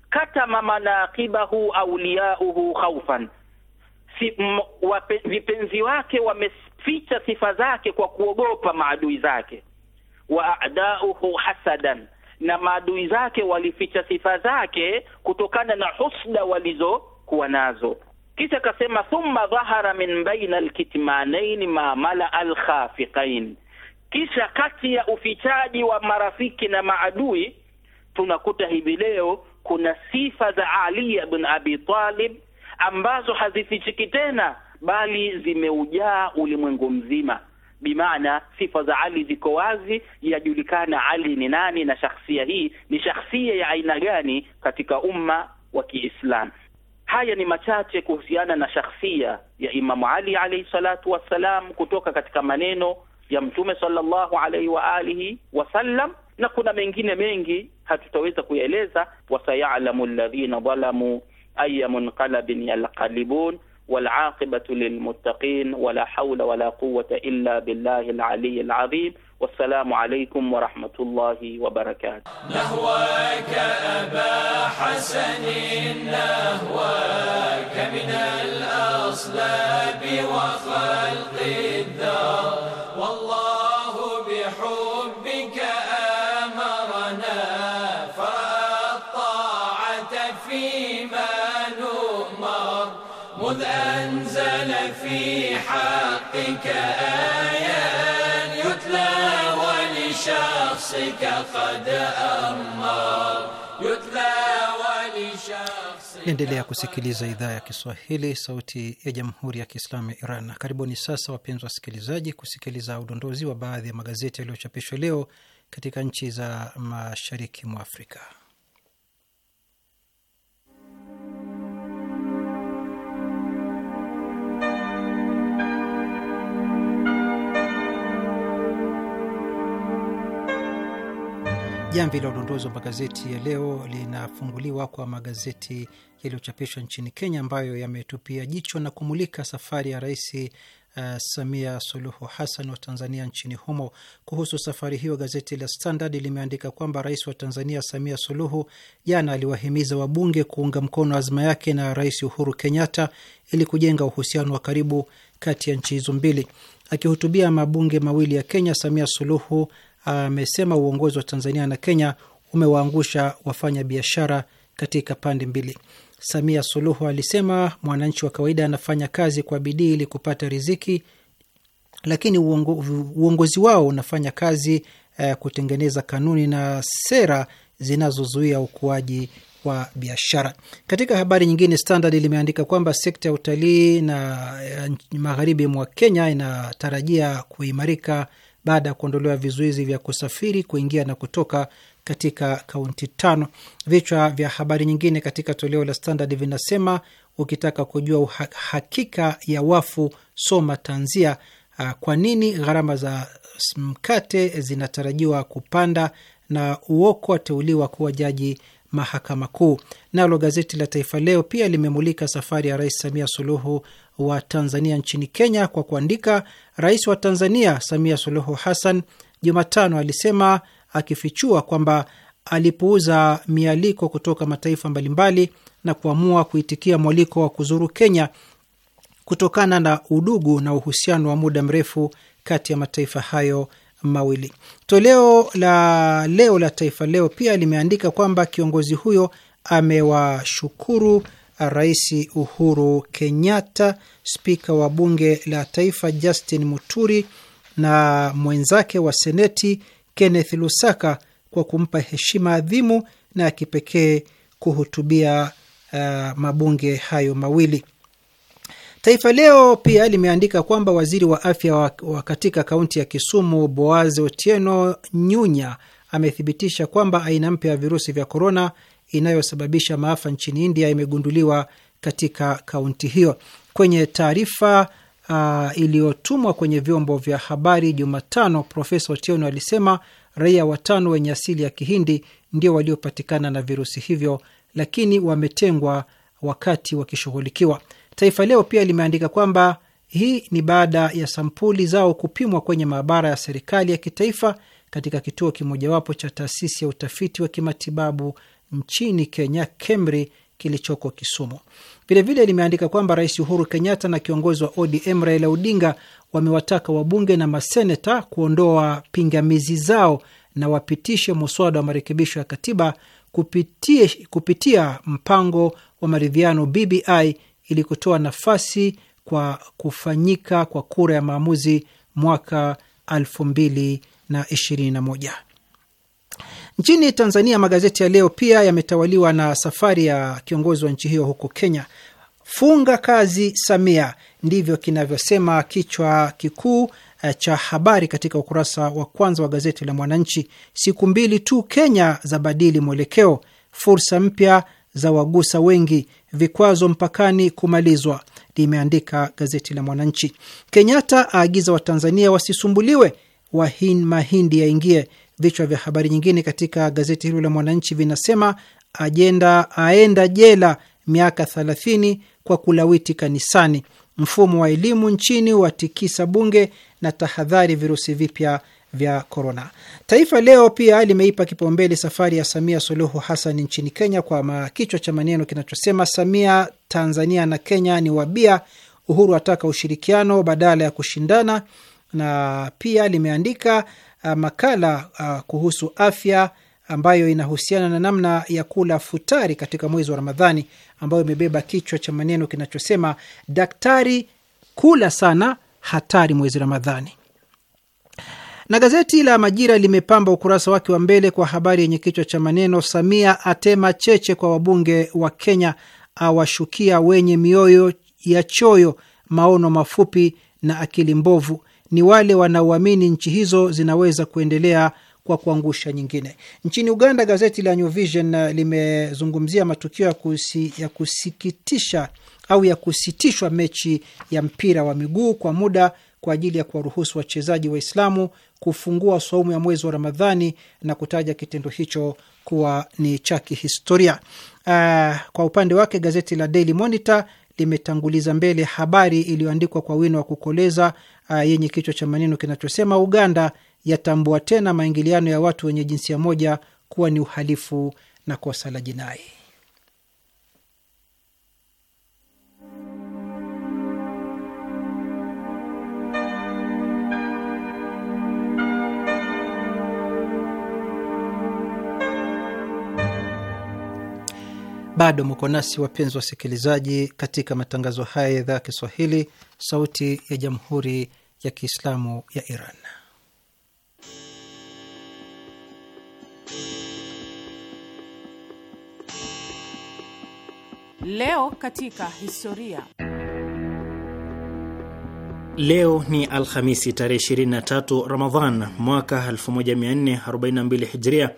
katama manaqibahu auliyauhu khaufan si, vipenzi wake wameficha sifa zake kwa kuogopa maadui zake wa adauhu hasadan na maadui zake walificha sifa zake kutokana na husda walizokuwa nazo kisha akasema thumma dhahara min baina alkitmanain ma malaa alkhafiqain kisha kati ya ufichaji wa marafiki na maadui tunakuta hivi leo kuna sifa za Ali ibn Abi Talib ambazo hazifichiki tena, bali zimeujaa ulimwengu mzima. Bimaana sifa za Ali ziko wazi, yajulikana Ali ni nani na shakhsia hii ni shakhsia ya aina gani katika umma wa Kiislamu. Haya ni machache kuhusiana na shakhsia ya Imamu Ali alayhi salatu wassalam, kutoka katika maneno ya Mtume sallallahu alaihi wa alihi wasallam, na kuna mengine mengi hatutaweza kuyaeleza. wasayalamu alladhina dhalamu aya munqalabin yalqalibun walaqibatu lilmuttaqin wala hawla wala quwwata illa billahi alali alazim. Wassalamu alaykum wa rahmatullahi wa barakatuh. Nahwaka نهواك hasanin nahwaka min al-aslab wa في حقك آيان يتلى ولشخصك قد أمر يتلى Naendelea kusikiliza idhaa ya Kiswahili, sauti ya jamhuri ya kiislamu ya Iran. Karibuni sasa, wapenzi wasikilizaji, kusikiliza udondozi wa baadhi ya magazeti yaliyochapishwa leo katika nchi za mashariki mwa Afrika. Jamvi la udondozi wa magazeti ya leo linafunguliwa kwa magazeti yaliyochapishwa nchini Kenya ambayo yametupia jicho na kumulika safari ya Rais uh, Samia Suluhu Hassan wa Tanzania nchini humo. Kuhusu safari hiyo, gazeti la Standard limeandika kwamba Rais wa Tanzania Samia Suluhu jana aliwahimiza wabunge kuunga mkono azma yake na Rais Uhuru Kenyatta ili kujenga uhusiano wa karibu kati ya nchi hizo mbili. Akihutubia mabunge mawili ya Kenya, Samia Suluhu amesema uongozi wa Tanzania na Kenya umewaangusha wafanya biashara katika pande mbili. Samia Suluhu alisema mwananchi wa kawaida anafanya kazi kwa bidii ili kupata riziki, lakini uongo, uongozi wao unafanya kazi eh, kutengeneza kanuni na sera zinazozuia ukuaji wa biashara. Katika habari nyingine, Standard limeandika kwamba sekta ya utalii na eh, magharibi mwa Kenya inatarajia kuimarika baada ya kuondolewa vizuizi vya kusafiri kuingia na kutoka katika kaunti tano. Vichwa vya habari nyingine katika toleo la Standard vinasema ukitaka kujua hakika ya wafu soma tanzia. Ah, kwa nini gharama za mkate zinatarajiwa kupanda? Na Uoko ateuliwa kuwa jaji mahakama kuu. Nalo gazeti la Taifa Leo pia limemulika safari ya Rais Samia Suluhu wa Tanzania nchini Kenya kwa kuandika, Rais wa Tanzania Samia Suluhu Hassan Jumatano alisema akifichua kwamba alipuuza mialiko kutoka mataifa mbalimbali na kuamua kuitikia mwaliko wa kuzuru Kenya kutokana na udugu na uhusiano wa muda mrefu kati ya mataifa hayo mawili. Toleo la leo la Taifa Leo pia limeandika kwamba kiongozi huyo amewashukuru Rais Uhuru Kenyatta, spika wa bunge la taifa Justin Muturi na mwenzake wa seneti Kenneth Lusaka kwa kumpa heshima adhimu na ya kipekee kuhutubia uh, mabunge hayo mawili. Taifa Leo pia limeandika kwamba waziri wa afya wa, wa katika kaunti ya Kisumu Boaz Otieno Nyunya amethibitisha kwamba aina mpya ya virusi vya korona inayosababisha maafa nchini India imegunduliwa katika kaunti hiyo. Kwenye taarifa uh, iliyotumwa kwenye vyombo vya habari Jumatano, Profesa Otieno alisema raia watano wenye asili ya Kihindi ndio waliopatikana na virusi hivyo, lakini wametengwa wakati wakishughulikiwa. Taifa Leo pia limeandika kwamba hii ni baada ya sampuli zao kupimwa kwenye maabara ya serikali ya kitaifa katika kituo kimojawapo cha taasisi ya utafiti wa kimatibabu nchini Kenya, KEMRI, kilichoko Kisumu. Vilevile limeandika kwamba Rais Uhuru Kenyatta na kiongozi wa ODM Raila Odinga wamewataka wabunge na maseneta kuondoa pingamizi zao na wapitishe muswada wa marekebisho ya katiba kupitia, kupitia mpango wa maridhiano BBI ili kutoa nafasi kwa kufanyika kwa kura ya maamuzi mwaka 2021. Nchini Tanzania, magazeti ya leo pia yametawaliwa na safari ya kiongozi wa nchi hiyo huko Kenya. Funga kazi Samia, ndivyo kinavyosema kichwa kikuu eh, cha habari katika ukurasa wa kwanza wa gazeti la Mwananchi. Siku mbili tu Kenya za badili mwelekeo, fursa mpya za wagusa wengi, vikwazo mpakani kumalizwa, limeandika gazeti la Mwananchi. Kenyatta aagiza Watanzania wasisumbuliwe, wahin mahindi yaingie. Vichwa vya habari nyingine katika gazeti hilo la Mwananchi vinasema ajenda aenda jela miaka 30 kwa kulawiti kanisani, mfumo wa elimu nchini watikisa bunge, na tahadhari virusi vipya vya korona. Taifa Leo pia limeipa kipaumbele safari ya Samia Suluhu Hassan nchini Kenya kwa kichwa cha maneno kinachosema Samia, Tanzania na Kenya ni wabia, Uhuru ataka ushirikiano badala ya kushindana, na pia limeandika uh, makala uh, kuhusu afya ambayo inahusiana na namna ya kula futari katika mwezi wa Ramadhani, ambayo imebeba kichwa cha maneno kinachosema daktari, kula sana hatari mwezi Ramadhani. Na gazeti la Majira limepamba ukurasa wake wa mbele kwa habari yenye kichwa cha maneno, Samia atema cheche kwa wabunge wa Kenya, awashukia wenye mioyo ya choyo, maono mafupi na akili mbovu ni wale wanaoamini nchi hizo zinaweza kuendelea kwa kuangusha nyingine. Nchini Uganda, gazeti la New Vision uh, limezungumzia matukio ya, kusi, ya kusikitisha au ya kusitishwa mechi ya mpira wa miguu kwa muda kwa ajili ya kuwaruhusu wachezaji Waislamu kufungua saumu ya mwezi wa Ramadhani na kutaja kitendo hicho kuwa ni cha kihistoria. Uh, kwa upande wake gazeti la Daily Monitor limetanguliza mbele habari iliyoandikwa kwa wino wa kukoleza uh, yenye kichwa cha maneno kinachosema Uganda yatambua tena maingiliano ya watu wenye jinsia moja kuwa ni uhalifu na kosa la jinai. Bado mko nasi wapenzi wasikilizaji, katika matangazo haya ya idhaa ya Kiswahili, Sauti ya Jamhuri ya Kiislamu ya Iran. Leo katika historia. Leo ni Alhamisi tarehe 23 Ramadhan mwaka 1442 Hijria,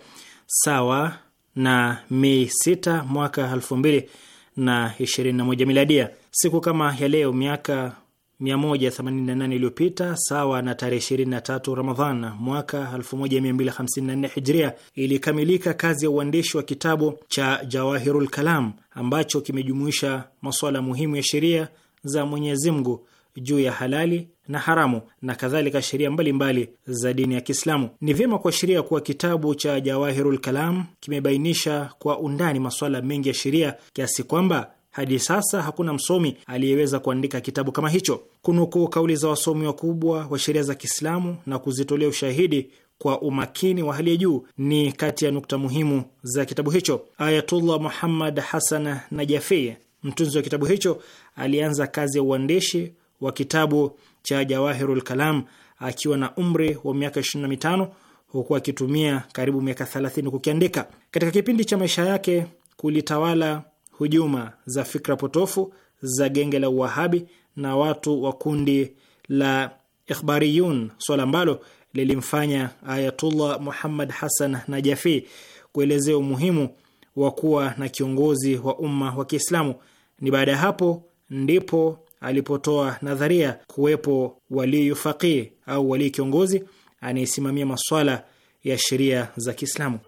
sawa na Mei 6 mwaka 2021 miladia. Siku kama ya leo miaka 188 iliyopita, sawa na tarehe 23 Ramadhan mwaka 1254 Hijria, ilikamilika kazi ya uandishi wa kitabu cha Jawahirul Kalam ambacho kimejumuisha masuala muhimu ya sheria za Mwenyezi Mungu juu ya halali na haramu na kadhalika sheria mbalimbali za dini ya Kiislamu. Ni vyema kuashiria kuwa kitabu cha Jawahirul Kalam kimebainisha kwa undani masuala mengi ya sheria kiasi kwamba hadi sasa hakuna msomi aliyeweza kuandika kitabu kama hicho. Kunukuu kauli za wasomi wakubwa wa sheria za Kiislamu na kuzitolea ushahidi kwa umakini wa hali ya juu ni kati ya nukta muhimu za kitabu hicho. Ayatullah Muhammad Hasan Najafi, mtunzi wa kitabu hicho, alianza kazi ya uandishi wa kitabu cha Jawahirul Kalam akiwa na umri wa miaka 25 huku akitumia karibu miaka 30 kukiandika. Katika kipindi cha maisha yake kulitawala hujuma za fikra potofu za genge la Uwahabi na watu wa kundi la Ikhbariyun, swala ambalo lilimfanya Ayatullah Muhammad Hassan Najafi kuelezea umuhimu wa kuwa na kiongozi wa umma wa Kiislamu. Ni baada ya hapo ndipo alipotoa nadharia kuwepo walii faqih au walii kiongozi anayesimamia maswala ya sheria za Kiislamu.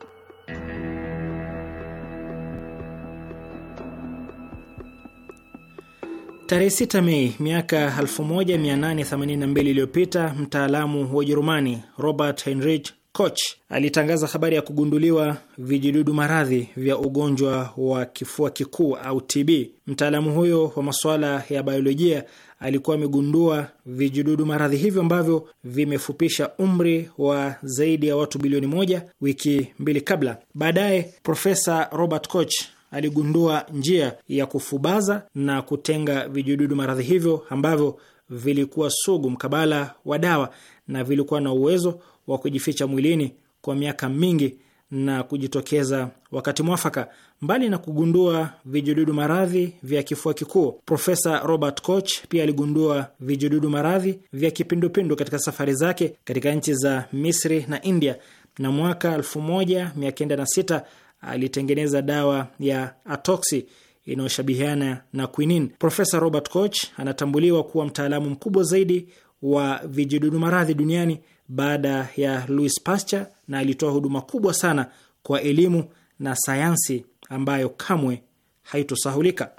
Tarehe 6 Mei miaka 1882 iliyopita, mtaalamu wa Ujerumani Robert Heinrich Koch alitangaza habari ya kugunduliwa vijidudu maradhi vya ugonjwa wa kifua kikuu au TB. Mtaalamu huyo wa masuala ya biolojia alikuwa amegundua vijidudu maradhi hivyo ambavyo vimefupisha umri wa zaidi ya watu bilioni moja wiki mbili kabla. Baadaye Profesa Robert Koch aligundua njia ya kufubaza na kutenga vijidudu maradhi hivyo ambavyo vilikuwa sugu mkabala wa dawa na vilikuwa na uwezo wa kujificha mwilini kwa miaka mingi na kujitokeza wakati mwafaka. Mbali na kugundua vijidudu maradhi vya kifua kikuu, Profesa Robert Koch pia aligundua vijidudu maradhi vya kipindupindu katika safari zake katika nchi za Misri na India, na mwaka 1906 alitengeneza dawa ya atoksi inayoshabihiana na quinin. Profesa Robert Koch anatambuliwa kuwa mtaalamu mkubwa zaidi wa vijidudu maradhi duniani baada ya Louis Pasteur na alitoa huduma kubwa sana kwa elimu na sayansi ambayo kamwe haitosahulika.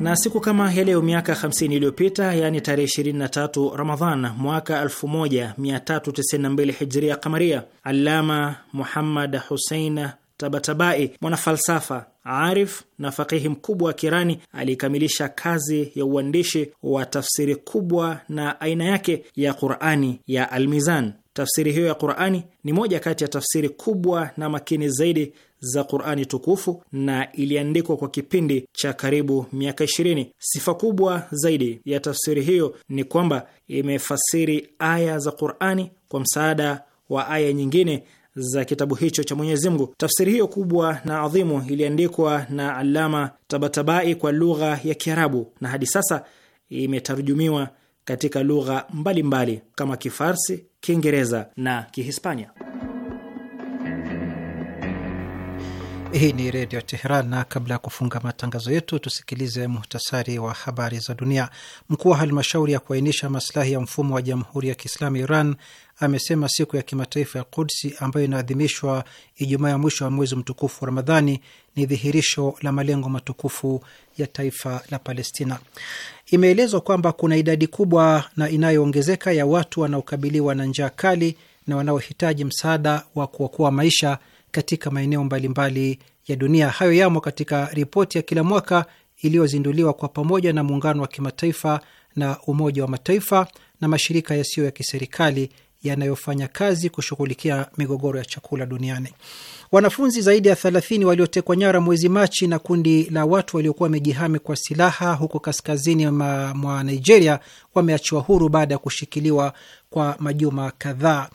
Na siku kama ya leo miaka 50 iliyopita, yaani tarehe 23 Ramadhan mwaka 1392 Hijria Kamaria, Allama Muhammad Husein Tabatabai, mwanafalsafa arif na fakihi mkubwa wa Kirani aliikamilisha kazi ya uandishi wa tafsiri kubwa na aina yake ya Qurani ya Almizan. Tafsiri hiyo ya Qurani ni moja kati ya tafsiri kubwa na makini zaidi za Qurani tukufu na iliandikwa kwa kipindi cha karibu miaka 20. Sifa kubwa zaidi ya tafsiri hiyo ni kwamba imefasiri aya za Qurani kwa msaada wa aya nyingine za kitabu hicho cha Mwenyezi Mungu. Tafsiri hiyo kubwa na adhimu iliandikwa na Alama Tabatabai kwa lugha ya Kiarabu na hadi sasa imetarujumiwa katika lugha mbalimbali kama Kifarsi, Kiingereza na Kihispania. Hii ni Redio Teheran, na kabla ya kufunga matangazo yetu tusikilize muhtasari wa habari za dunia. Mkuu wa halmashauri ya kuainisha maslahi ya mfumo wa Jamhuri ya Kiislamu Iran amesema siku ya kimataifa ya Kudsi ambayo inaadhimishwa Ijumaa ya mwisho wa mwezi mtukufu wa Ramadhani ni dhihirisho la malengo matukufu ya taifa la Palestina. Imeelezwa kwamba kuna idadi kubwa na inayoongezeka ya watu wanaokabiliwa na njaa kali na wanaohitaji msaada wa kuokoa maisha katika maeneo mbalimbali ya dunia. Hayo yamo katika ripoti ya kila mwaka iliyozinduliwa kwa pamoja na muungano wa kimataifa na Umoja wa Mataifa na mashirika yasiyo ya kiserikali yanayofanya kazi kushughulikia migogoro ya chakula duniani. Wanafunzi zaidi ya 30 waliotekwa nyara mwezi Machi na kundi la watu waliokuwa wamejihami kwa silaha huko kaskazini mwa Nigeria wameachiwa huru baada ya kushikiliwa kwa majuma kadhaa.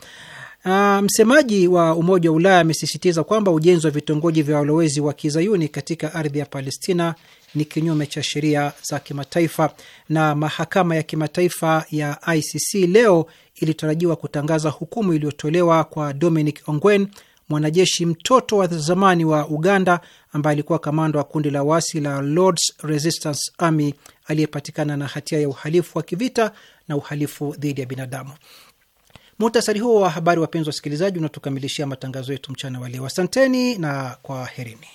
Uh, msemaji wa Umoja wa Ulaya amesisitiza kwamba ujenzi wa vitongoji vya walowezi wa kizayuni katika ardhi ya Palestina ni kinyume cha sheria za kimataifa, na mahakama ya kimataifa ya ICC leo ilitarajiwa kutangaza hukumu iliyotolewa kwa Dominic Ongwen, mwanajeshi mtoto wa zamani wa Uganda ambaye alikuwa kamanda wa kundi la wasi la Lords Resistance Army aliyepatikana na hatia ya uhalifu wa kivita na uhalifu dhidi ya binadamu. Muhtasari huo wa habari, wapenzi wa wasikilizaji, unatukamilishia matangazo yetu mchana wa leo. Asanteni na kwaherini.